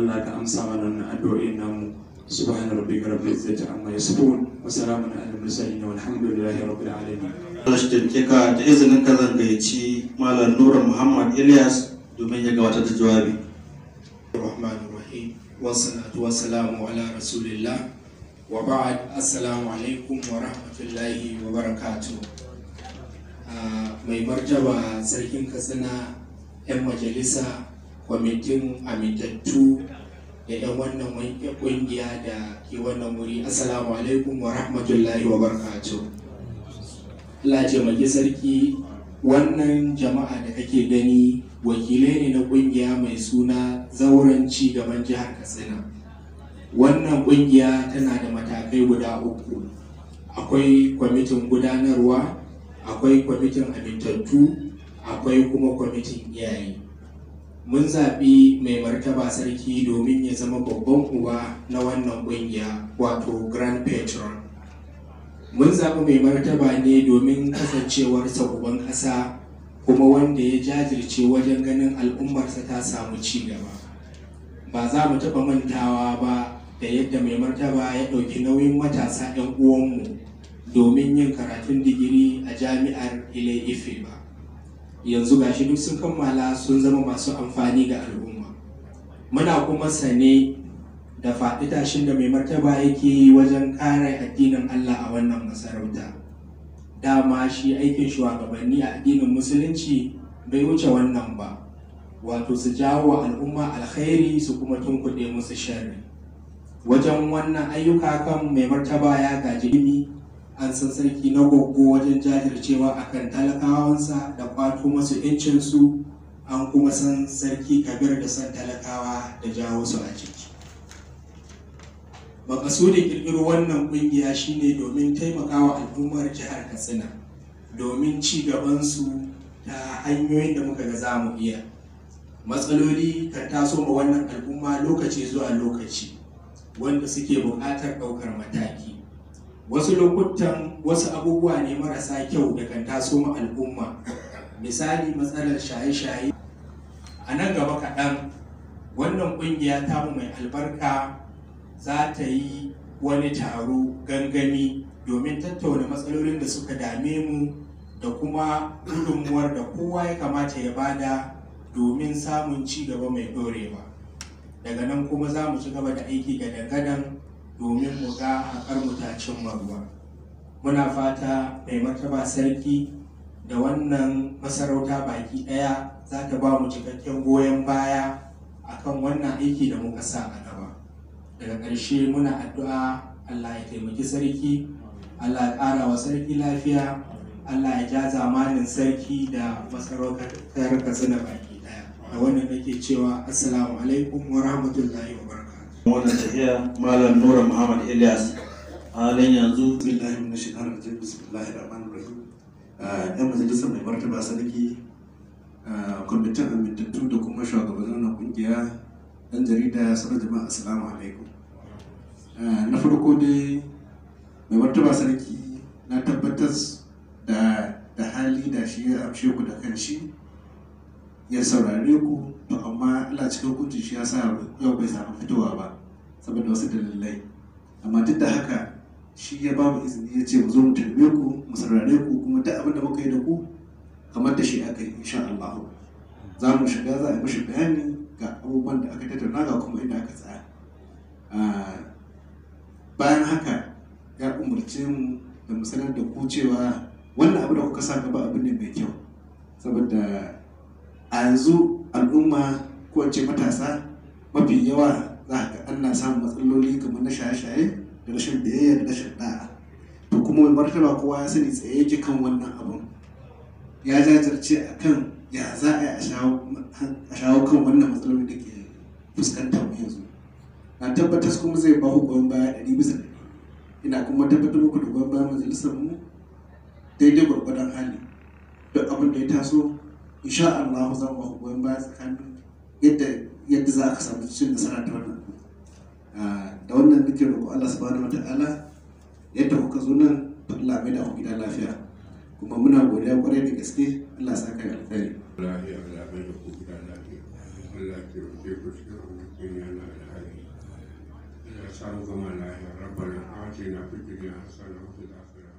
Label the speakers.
Speaker 1: Allah ka amsa mana addu'o'in namu subhana rabbika rabbil izzati amma yasifun wa salamun alal mursalin walhamdulillahi rabbil alamin Rashidinka da izinin ka gayyaci Malam Nura Muhammad Ilyas domin ya gabatar da jawabi. Rahman Rahim, wa salamu ala Rasulillah, wa ba'ad assalamu alaikum wa rahmatullahi wa barakatu. Ah, mai martaba sarkin katsina 'yan majalisa kwamitin amintattu da yan wannan kungiya da ke wannan wuri assalamu alaikum wa rahmatullahi wa barakatuh Allah taimaki sarki wannan jama'a da kake gani wakilai ne na kungiya mai suna zauren ci gaban jihar katsina wannan kungiya tana da matakai guda uku akwai kwamitin gudanarwa akwai kwamitin amintattu akwai kuma kwamitin iyaye mun zaɓi mai martaba sarki domin ya zama babban uwa na wannan ƙungiya wato grand patron mun zaɓi mai martaba ne domin kasancewarsa uban ƙasa kuma wanda ya jajirce wajen ganin al'ummarsa ta samu ci gaba ba za mu taɓa mantawa ba da yadda mai martaba ya ɗauki nauyin matasa 'yan uwanmu domin yin karatun digiri a jami'ar ile ife ba yanzu gashi duk sun kammala sun zama masu amfani ga al'umma muna kuma sane da faɗi tashin da mai martaba yake yi wajen ƙara addinin Allah a wannan masarauta dama shi aikin shugabanni a addinin musulunci bai wuce wannan ba wato su jawo wa al'umma alkhairi su kuma tunkuɗe musu sharri wajen wannan ayyuka kan mai martaba ya gaji an san sarki na goggo wajen jajircewa a kan talakawansa da kwato masu su an kuma san sarki kabir da san talakawa da jawo su a ciki da ƙirƙiro wannan ƙungiya shine domin taimakawa al'ummar jihar katsina domin ci gabansu ta hanyoyin da muka ga za mu iya matsaloli kan taso ma wannan al'umma lokaci zuwa lokaci wanda suke buƙatar ɗaukar mataki wasu lokutan wasu abubuwa ne marasa kyau da kan taso ma al'umma misali matsalar shaye-shaye a nan gaba kaɗan wannan ƙungiya mu mai albarka za ta yi wani taro gangami domin tattauna matsalolin da suka dame mu da kuma gudunmuwar da kowa ya kamata ya bada domin samun ci gaba mai ɗorewa daga nan kuma za mu ci gaba da aiki ga dangadan domin mu ga haƙar mu ta ruwa muna fata mai martaba sarki da wannan masarauta baki ɗaya za ta ba mu cikakken goyon baya akan wannan aiki da muka sa a gaba daga ƙarshe muna addu'a allah ya taimaki sarki allah ya ƙara wa sarki lafiya allah ya ja zamanin sarki da masarautar katsina baki ɗaya da wannan nake cewa assalamu alaikum wa rahmatullahi wa wannan tafiya malam nura muhammad ilyas
Speaker 2: halin yanzu billahi min rajim bismillahir rahmanir rahim ah, mai martaba sarki ah, kwamitin amintattu da kuma shugabannin na kungiya dan jarida sanar jama'a assalamu alaikum ah, na farko dai mai martaba sarki na tabbatar da da hali da shi ya amshe ku da kanshi ya saurare ku to amma Allah cikin kunci shi ya sa yau bai samu fitowa ba saboda wasu dalilai amma duk da haka shi ya ba mu izini ya ce mu zo mu tarbe ku mu saurare ku kuma duk abin da muka yi da ku kamar da shi aka yi insha Allah za mu shiga za a yi mishi bayani ga abubuwan da aka tattauna ga kuma inda aka tsaya ah, bayan haka ya umarce mu da mu sanar da ku cewa wannan abu da kuka sa gaba abu ne mai kyau saboda a yanzu al'umma ko ce matasa mafi yawa za ka ana samun matsaloli kamar na shaye-shaye da rashin biyayya da rashin da'a to kuma mai martaba kowa ya sani tsaye yake kan wannan abun ya jajirce a kan ya za a yi a shawo kan wannan matsaloli da ke fuskantar mu yanzu na tabbatar kuma zai ba ku goyon baya ɗari bisa ina kuma tabbatar muku da goyon baya majalisar mu daidai gwargwadon hali duk abin da ya taso insha Allah za mu ba ku goyon baya tsakanin yadda yadda za a samu cin nasara ta wannan ah, da wannan nake roƙo Allah subhanahu wataala yadda kuka zo nan Allah mai da ku gida lafiya kuma muna godiya kwarai da
Speaker 1: gaske Allah ya saka alkhairi Allah ya mai da ku gida lafiya Allah ya rufe ku cikin dunya na alheri ya samu gama lafiya rabbana atina fid dunya hasanatan wa fil akhirati